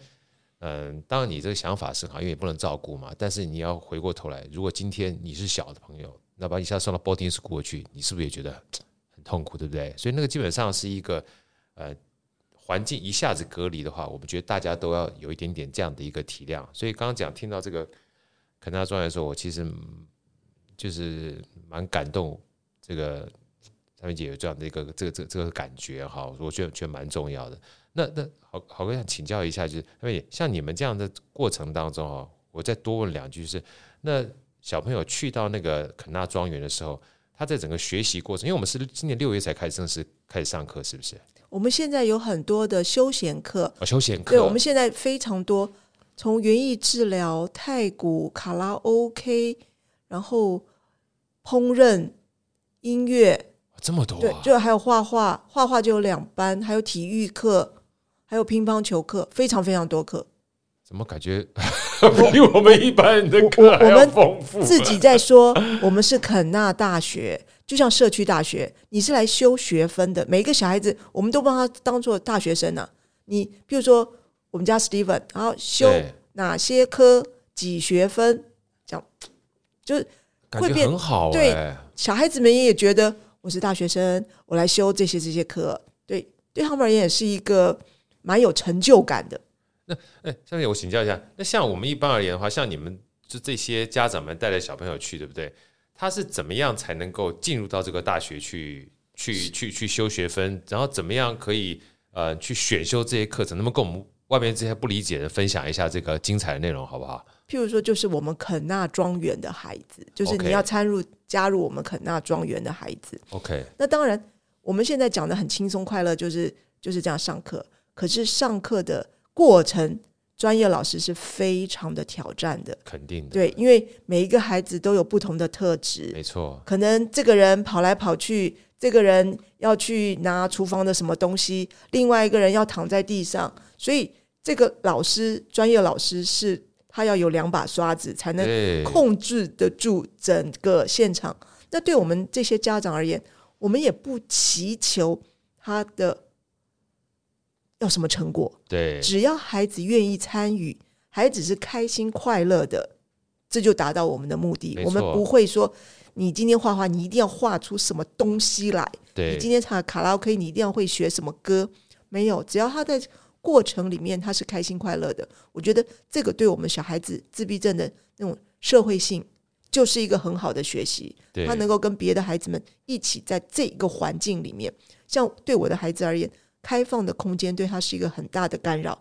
嗯，當然你這個想法是好，因為也不能照顧嘛。但是你要回過頭來，如果今天你是小的朋友。那把一下送到 boarding school 去，你是不是也覺得很痛苦，對不對？所以那個基本上是一個，呃，環境一下子隔離的話，我們覺得大家都要有一點點這樣的一個體諒。所以剛剛講聽到這個肯納莊園的時候，我其實就是蠻感動。這個善芬姐有這樣的一個這個這個、這個感覺哈，我覺得覺得蠻重要的。那那好好我想請教一下，就是像你們這樣的過程當中啊，我再多問兩句，就是那。小朋友去到那個肯納莊園的時候，他在整個學習過程，因為我們是今年六月才開始正式開始上課，是不是？我們現在有很多的休閒課，哦，休閒課，對，我們現在非常多，從園藝治療、太古、卡拉 OK，然後烹飪、音樂，這麼多。啊，對，就還有畫畫，畫畫就有兩班，還有體育課，還有乒乓球課，非常非常多課。怎麼感覺比我們一般人的課還要豐富？ 我們自己在說，我們是肯納大學，就像社區大學，你是來修學分的。每一個小孩子，我們都幫他當做大學生呢、啊。你比如說，我們家 Steven，然後修哪些科，幾學分，這樣就是變，很好。對小孩子們也，也覺得我是大學生，我來修這些這些科，對對他們而言也是一個蠻有成就感的。那，哎，下面我請教一下，那像我們一般而言的話，像你們就這些家長們帶着小朋友去，對不對？他是怎麼樣才能夠進入到這個大學去？去去去修學分，然後怎麼樣可以呃去選修這些課程？那麼跟我們外面這些不理解的分享一下這個精彩的內容，好不好？譬如說，就是我們肯納莊園的孩子，就是你要參入加入我們肯納莊園的孩子。OK，那當然我們現在講的很輕鬆快樂，就是就是這樣上課。可是上課的。過程，專業老師是非常的挑戰的，肯定的。對，因為每一個孩子都有不同的特質，沒錯。可能這個人跑來跑去，這個人要去拿廚房的什麼東西，另外一個人要躺在地上，所以這個老師，專業老師是他要有兩把刷子，才能控制得住整個現場。對。那對我們這些家長而言，我們也不祈求他的要什麼成果？對，只要孩子願意參與，孩子是開心快樂的，這就達到我們的目的。錯我們不會說你今天畫畫，你一定要畫出什麼東西來；對你今天唱卡拉 OK，你一定要會學什麼歌。沒有，只要他在過程裡面他是開心快樂的，我覺得這個對我們小孩子自閉症的那種社會性就是一個很好的學習。對他能夠跟別的孩子們一起在這一個環境裡面，像對我的孩子而言。開放的空間對他是一個很大的干擾。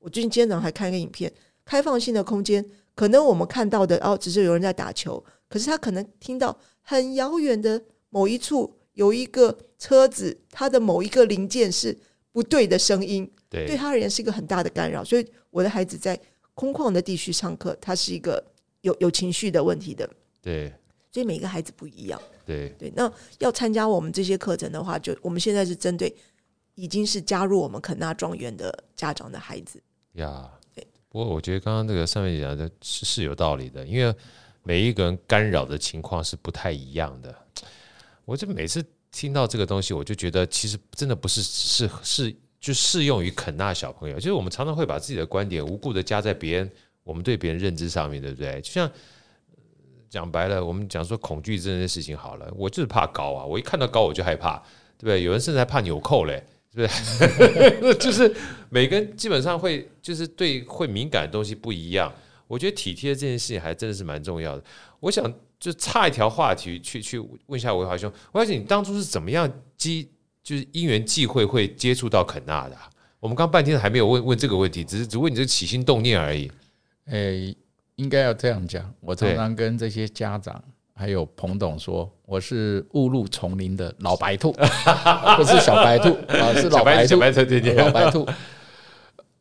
我最近今天早上還看一個影片，開放性的空間，可能我們看到的哦，只是有人在打球，可是他可能聽到很遙遠的某一處有一個車子，它的某一個零件是不對的聲音，對他而言是一個很大的干擾。所以我的孩子在空曠的地區上課，他是一個有有情緒的問題的。對，所以每一個孩子不一樣。對對，那要參加我們這些課程的話，就我們現在是針對。已經是加入我們肯納莊園的家長的孩子呀 Yeah, 對。不過我覺得剛剛這個上面講的是是有道理的，因為每一個人干擾的情況是不太一樣的。我就每次聽到這個東西，我就覺得其實真的不是適適就適用於肯納小朋友，就是我們常常會把自己的觀點無故的加在別人我們對別人認知上面，對不對？就像講白了，我們講說恐懼這件事情好了，我就是怕高啊，我一看到高我就害怕，對不對？有人甚至還怕紐扣嘞。對，就是每個人基本上會就是對會敏感的東西不一樣。我覺得體貼這件事情還真的是蠻重要的。我想就差一條話題去去問一下維華兄，維華兄，你當初是怎麼樣機就是因緣際會會接觸到肯納的，啊？我們剛半天還沒有問問這個問題，只是只問你這起心動念而已。誒、欸，應該要這樣講。我常常跟這些家長。欸還有彭董說：“我是誤入叢林的老白兔，不是小白兔啊， 是老白兔。老白兔，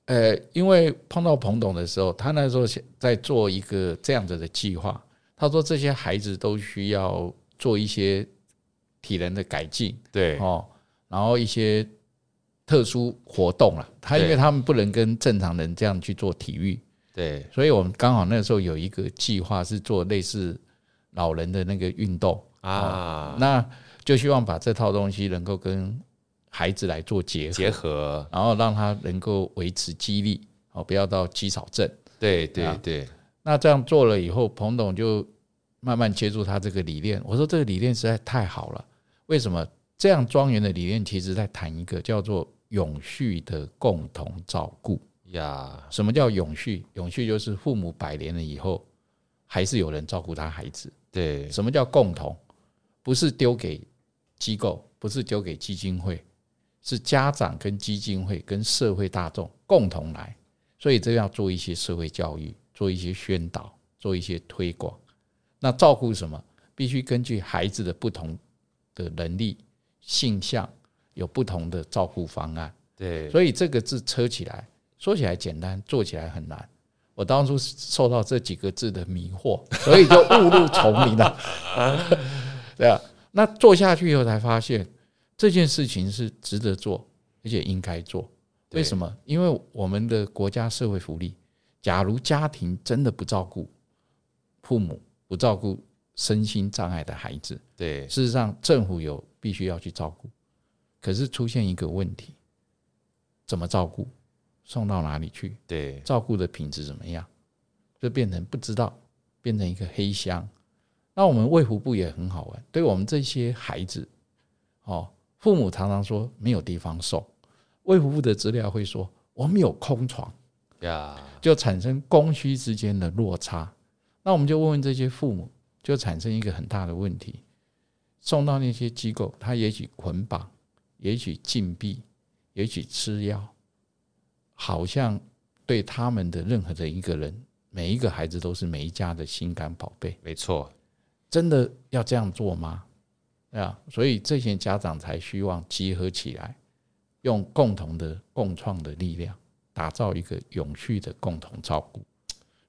呃，因為碰到彭董的時候，他那時候在做一個這樣子的計劃。他說這些孩子都需要做一些體能的改進，對哦，然後一些特殊活動了。他因為他們不能跟正常人這樣去做體育，對，所以我們剛好那時候有一個計劃是做類似。”老人的那個運動啊、嗯，那就希望把這套東西能夠跟孩子來做結合，結合，然後讓他能夠維持肌力哦，不要到肌少症。對對對，那這樣做了以後，彭董就慢慢接觸他這個理念。我說這個理念實在太好了，為什麼？這樣莊園的理念，其實在談一個叫做永續的共同照顧呀。什麼叫永續？永續就是父母百年了以後，還是有人照顧他孩子。對，什麼叫共同？不是丟給機構，不是丟給基金會，是家長跟基金會跟社會大眾共同來。所以這要做一些社會教育，做一些宣導，做一些推廣。那照顧什麼？必須根據孩子的不同的能力、性向，有不同的照顧方案。對，所以這個字車起來說起來簡單，做起來很難。我當初是受到這幾個字的迷惑，所以就誤入叢林了。 對啊，那做下去以後才發現，這件事情是值得做，而且應該做。為什麼？因為我們的國家社會福利，假如家庭真的不照顧父母，不照顧身心障礙的孩子，對，事實上政府有必須要去照顧。可是出現一個問題，怎麼照顧？送到哪裡去？對，照顧的品質怎麼樣？就變成不知道，變成一個黑箱。那我們衛福部也很好玩，對我們這些孩子，哦，父母常常說沒有地方送，衛福部的資料會說我們有空床，呀，就產生供需之間的落差。那我們就問問這些父母，就產生一個很大的問題：送到那些機構，他也許捆綁，也許禁閉，也許吃藥。好像對他們的任何的一個人，每一個孩子都是每一家的心肝寶貝。沒錯，真的要這樣做嗎？對啊，所以這些家長才希望集合起來，用共同的共創的力量，打造一個永續的共同照顧，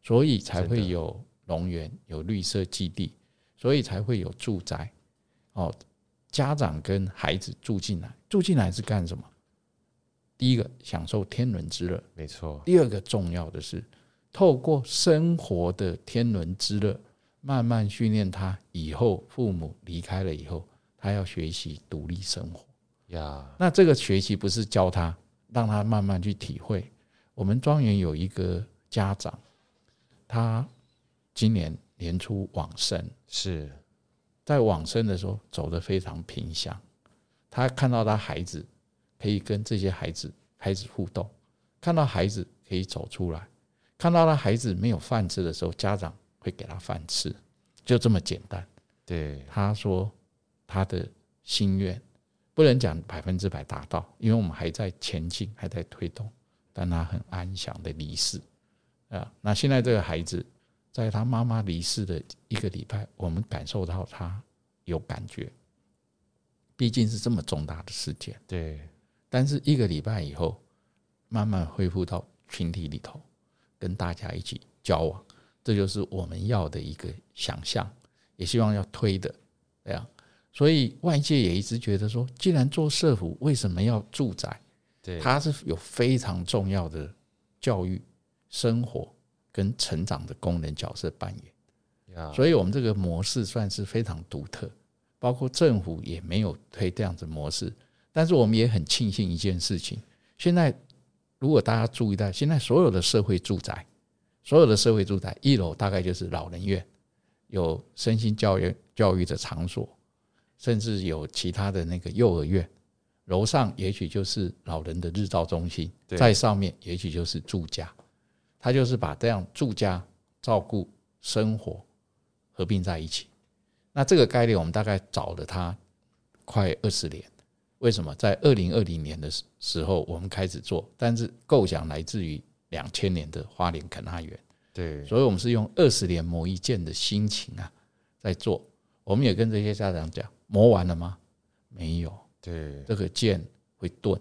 所以才會有農園、有綠色基地，所以才會有住宅。哦，家長跟孩子住進來，住進來是幹什麼？第一個享受天倫之樂，沒錯錯。第二個重要的是，透過生活的天倫之樂，慢慢訓練他，以後父母離開了以後，他要學習獨立生活。呀錯，那這個學習不是教他，讓他慢慢去體會。我們莊園有一個家長，他今年年初往生，是。在往生的時候走得非常平祥。他看到他孩子。可以跟這些孩子孩子互動，看到孩子可以走出來，看到了孩子沒有飯吃的時候，家長會給他飯吃，就這麼簡單。對，他說他的心願，不能講百分之百達到，因為我們還在前進，還在推動。但他很安詳的離世，啊，那現在這個孩子在他媽媽離世的一個禮拜，我們感受到他有感覺，畢竟是這麼重大的事件。對。但是一個禮拜以後，慢慢恢復到群體裡頭，跟大家一起交往，這就是我們要的一個想象，也希望要推的這樣。所以外界也一直覺得說，既然做社福，為什麼要住宅？它是有非常重要的教育、生活跟成長的功能角色扮演。所以我們這個模式算是非常獨特，包括政府也沒有推這樣子模式。但是我們也很慶幸一件事情：現在如果大家注意到，現在所有的社會住宅，所有的社會住宅，一樓大概就是老人院，有身心教育教育的場所，甚至有其他的那個幼兒園；樓上也許就是老人的日照中心，在上面也許就是住家，他就是把這樣住家照顧生活合併在一起。那這個概念，我們大概找了他快二十年。為什麼在二零二零年的時時候，我們開始做？但是構想來自於兩千年的花蓮肯納園。對，所以我們是用二十年磨一劍的心情啊，在做。我們也跟這些家長講，磨完了嗎？沒有。對，這個劍會鈍，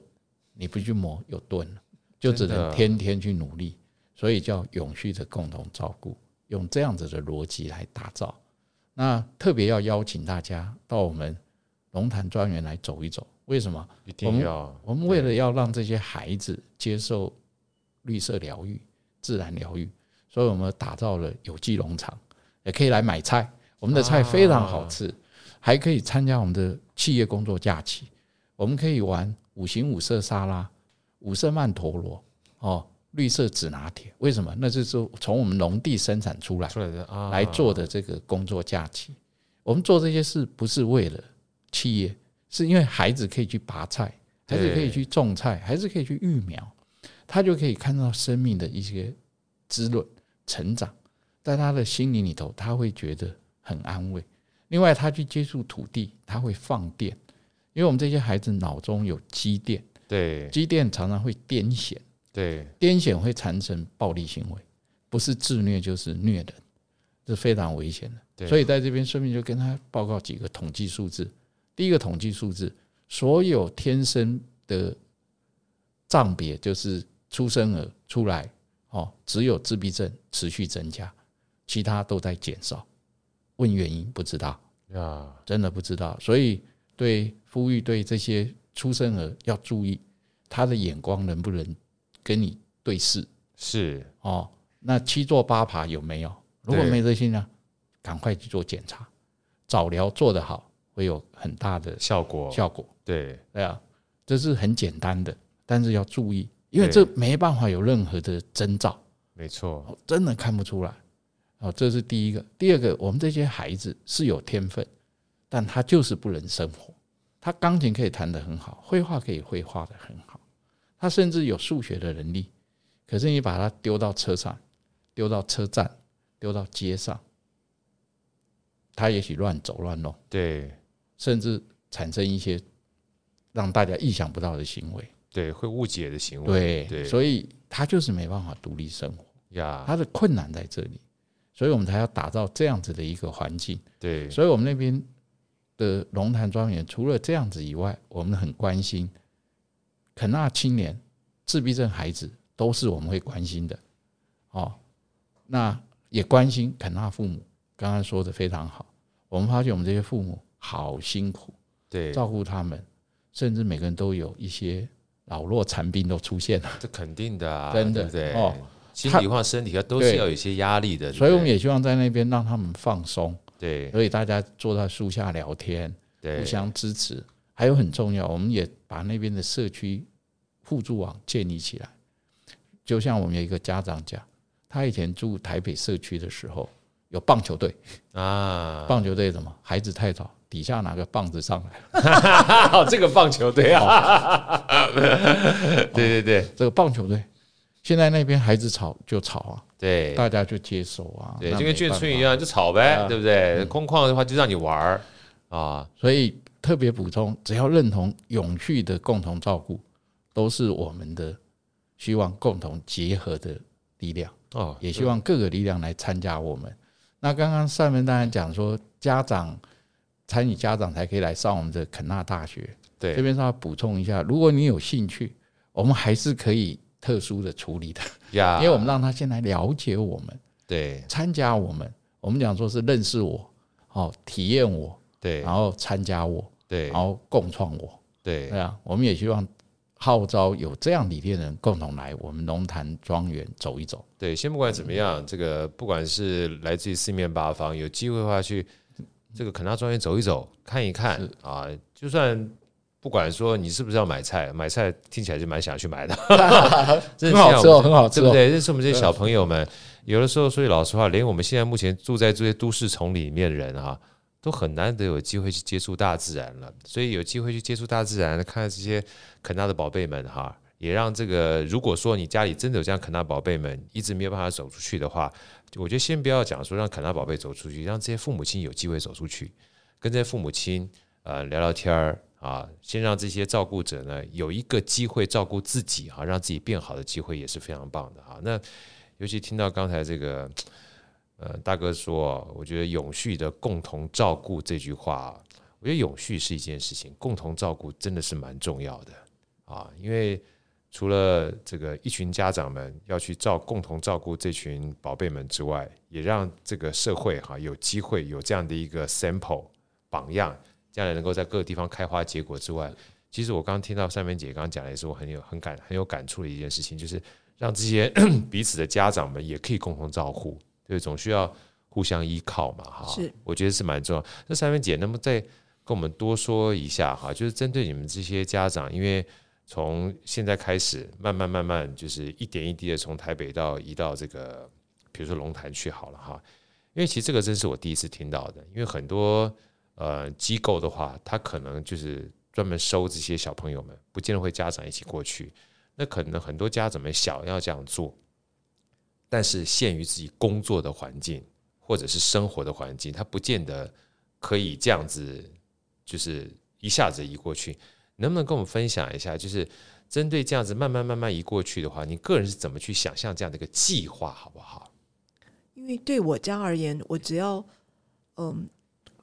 你不去磨，有鈍了，就只能天天去努力。的所以叫永續的共同照顧，用這樣子的邏輯來打造。那特別要邀請大家到我們龍潭莊園來走一走。為什麼？一定要我們我們，為了要讓這些孩子接受綠色療癒、自然療癒，所以我們打造了有機農場，也可以來買菜。我們的菜非常好吃，還可以參加我們的企業工作假期。我們可以玩五行五色沙拉、五色曼陀羅哦，綠色紫拿鐵。為什麼？那就是從我們農地生產出來出來的，來做的這個工作假期。我們做這些事不是為了企業。是因為孩子可以去拔菜，還是可以去種菜，還是可以去育苗，他就可以看到生命的一些滋潤、成長，在他的心靈裡頭，他會覺得很安慰。另外，他去接觸土地，他會放電，因為我們這些孩子腦中有積電，對積電常常會癲癇，對癲癇會產生暴力行為，不是自虐就是虐人，是非常危險的。所以在這邊順便就跟他報告幾個統計數字。第一個統計數字，所有天生的障別，就是出生兒出來，哦，只有自閉症持續增加，其他都在減少。問原因不知道啊，真的不知道。所以對呼籲對這些出生兒要注意，他的眼光能不能跟你對視？是哦，那七坐八爬有沒有？如果沒這些呢，趕快去做檢查，早療做得好會有很大的效果，效果對，效果，對啊，這是很簡單的，但是要注意，因為這沒辦法有任何的徵兆，沒錯，真的看不出來。好，這是第一個，第二個，我們這些孩子是有天分，但他就是不能生活。他鋼琴可以彈得很好，繪畫可以繪畫得很好，他甚至有數學的能力，可是你把他丟到車上，丟到車站，丟到街上，他也許亂走亂弄，對。甚至產生一些讓大家意想不到的行為，對，會誤解的行為，對，所以他就是沒辦法獨立生活呀，他的困難在這裡，所以我們才要打造這樣子的一個環境，對，所以我們那邊的龍潭莊園除了這樣子以外，我們很關心肯納青年、自閉症孩子都是我們會關心的，哦，那也關心肯納父母，剛剛說的非常好，我們發現我們這些父母。好辛苦，對，照顧他們，甚至每個人都有一些老弱殘兵都出現了，這肯定的，啊，真的對，對哦，心理或身體都是要有一些壓力的，對對所以我們也希望在那邊讓他們放鬆，對，所以大家坐在樹下聊天，對互相支持，對還有很重要，我們也把那邊的社區互助網建立起來，就像我們有一個家長講，他以前住台北社區的時候有棒球隊啊，棒球隊怎麼孩子太早。底下拿個棒子，上來，好，這個棒球隊啊， 對對對，對，這個棒球隊，現在那邊孩子吵就吵啊，對，大家就接受啊，對，就跟眷村一樣，就吵唄，對不對？空曠的話就讓你玩兒啊，所以特別補充，只要認同永續的共同照顧，都是我們的希望，共同結合的力量哦，也希望各個力量來參加我們。那剛剛上面當然講說家長，參與家長才可以來上我們的肯納大學。對，這邊稍微補充一下，如果你有興趣，我們還是可以特殊的處理的。Yeah, 因為我們讓他先來了解我們。對，參加我們，我們講說是認識我，好體驗我。對，然後參加我。對，然後共創我。對，對啊，我們也希望號召有這樣理念的人共同來我們龍潭莊園走一走。對，先不管怎麼樣，嗯，這個不管是來自於四面八方，有機會的話去。這個肯納莊園走一走看一看啊，是就算不管說你是不是要買菜，買菜聽起來就蠻想去買的， 很好吃，哦，很好吃，對對？認識我們這些小朋友們， 哦，有的時候說句老實話，連我們現在目前住在這些都市叢林裡面的人哈，啊，都很難得有機會去接觸大自然了。所以有機會去接觸大自然，看看這些肯納的寶貝們哈，啊，也讓這個如果說你家裡真的有這樣肯納寶貝們，一直沒有辦法走出去的話。我覺得先不要講說讓“肯納寶貝”走出去，讓這些父母親有機會走出去，跟這些父母親呃聊聊天兒啊，先讓這些照顧者呢有一個機會照顧自己哈、啊，讓自己變好的機會也是非常棒的哈、啊。那尤其聽到剛才這個呃大哥說，我覺得永續的共同照顧這句話，啊，我覺得永續是一件事情，共同照顧真的是蠻重要的啊，因為。除了這個一群家長們要去照共同照顧這群寶貝們之外，也讓這個社會哈有機會有這樣的一個 sample 榜樣，將來能夠在各個地方開花結果之外，其實我剛聽到善芬姐剛剛講的也是我很有很感很有感觸的一件事情，就是讓這些咳咳彼此的家長們也可以共同照護，對，總需要互相依靠嘛哈。哦、是，我覺得是蠻重要。那善芬姐，那麼再跟我們多說一下哈，就是針對你們這些家長，因為。從現在開始，慢慢慢慢，就是一點一滴的，從台北到移到這個，比如說龍潭去好了哈。因為其實這個真是我第一次聽到的。因為很多呃機構的話，他可能就是專門收這些小朋友們，不見得會家長一起過去。那可能很多家長們想要這樣做，但是限於自己工作的環境或者是生活的環境，他不見得可以這樣子，就是一下子移過去。能不能跟我們分享一下？就是針對這樣子慢慢慢慢移過去的話，你個人是怎麼去想象這樣的一個計劃，好不好？因為對我家而言，我只要嗯，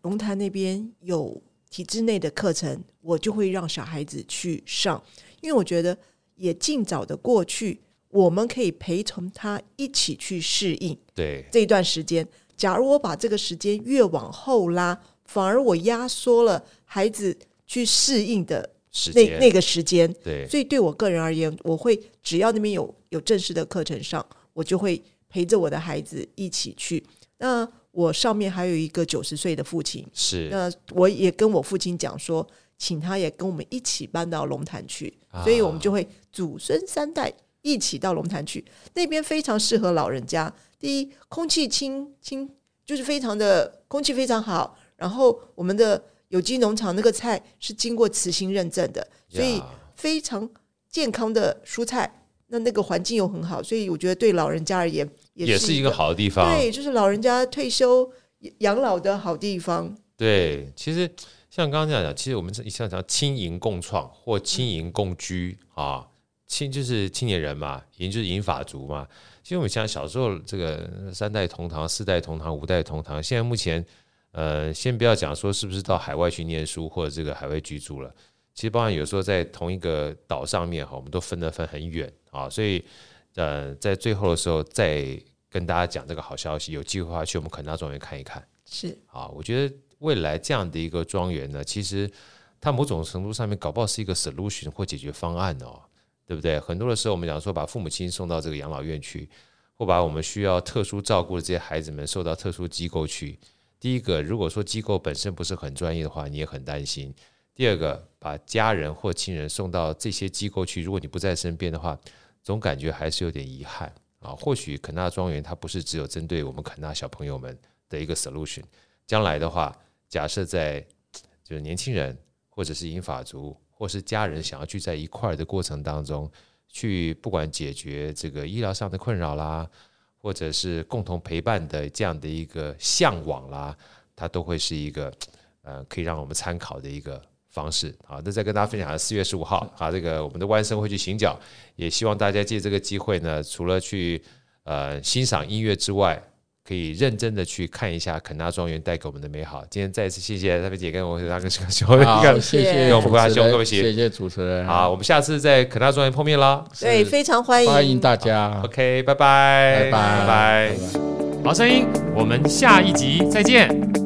龍潭那邊有體制內的課程，我就會讓小孩子去上。因為我覺得，也盡早的過去，我們可以陪同他一起去適應。對，這一段時間，假如我把這個時間越往後拉，反而我壓縮了孩子去適應的，那那個時間，對，所以對我個人而言，我會只要那邊有有正式的課程上，我就會陪着我的孩子一起去。那我上面還有一個九十歲的父親，是，那我也跟我父親講說，請他也跟我們一起搬到龍潭去，所以我們就會祖孫三代一起到龍潭去。啊，那邊非常適合老人家，第一，空氣清清，就是非常的空氣非常好，然後我們的。有機農場那個菜是經過慈心認證的，所以非常健康的蔬菜。那那個環境又很好，所以我覺得對老人家而言也，也是一個好地方。對，就是老人家退休養老的好地方。對，其實像剛剛講講，其實我們一向講青銀共創或青銀共居、嗯、啊，青就是青年人嘛，銀就是銀髮族嘛。其實我們像小時候這個三代同堂、四代同堂、五代同堂，現在目前。呃，先不要講說是不是到海外去念書或者這個海外居住了。其實，包含有時候在同一個島上面哈，我們都分了分很遠啊。所以，呃，在最後的時候再跟大家講這個好消息，有機會的話去我們肯納莊園看一看。是啊，我覺得未來這樣的一個莊園呢，其實它某種程度上面搞不好是一個 solution 或解決方案哦，對不對？很多的時候我們講說把父母親送到這個養老院去，或把我們需要特殊照顧的這些孩子們送到特殊機構去。第一個，如果說機構本身不是很專業的話，你也很擔心；第二個，把家人或親人送到這些機構去，如果你不在身邊的話，總感覺還是有點遺憾啊。或許肯納莊園它不是只有針對我們肯納小朋友們的一個 solution，將來的話，假設在就是年輕人或者是銀髮族或是家人想要聚在一塊兒的過程當中，去不管解決這個醫療上的困擾啦。或者是共同陪伴的這樣的一個向往啦，它都會是一個呃可以讓我們參考的一個方式。好，那再跟大家分享，四月十五號啊，這個我們的灣聲會去行腳，也希望大家借這個機會呢，除了去呃欣賞音樂之外。可以認真的去看一下肯納莊園帶給我們的美好。今天再次謝謝大飛姐跟我，個個我們大哥兄，好，謝謝，謝謝主持人，謝謝主持人。好，我們下次在肯納莊園碰面啦。對，非常歡迎，歡迎大家。OK，拜拜，拜拜 bye，拜拜 bye。郝聲音，我們下一集再見。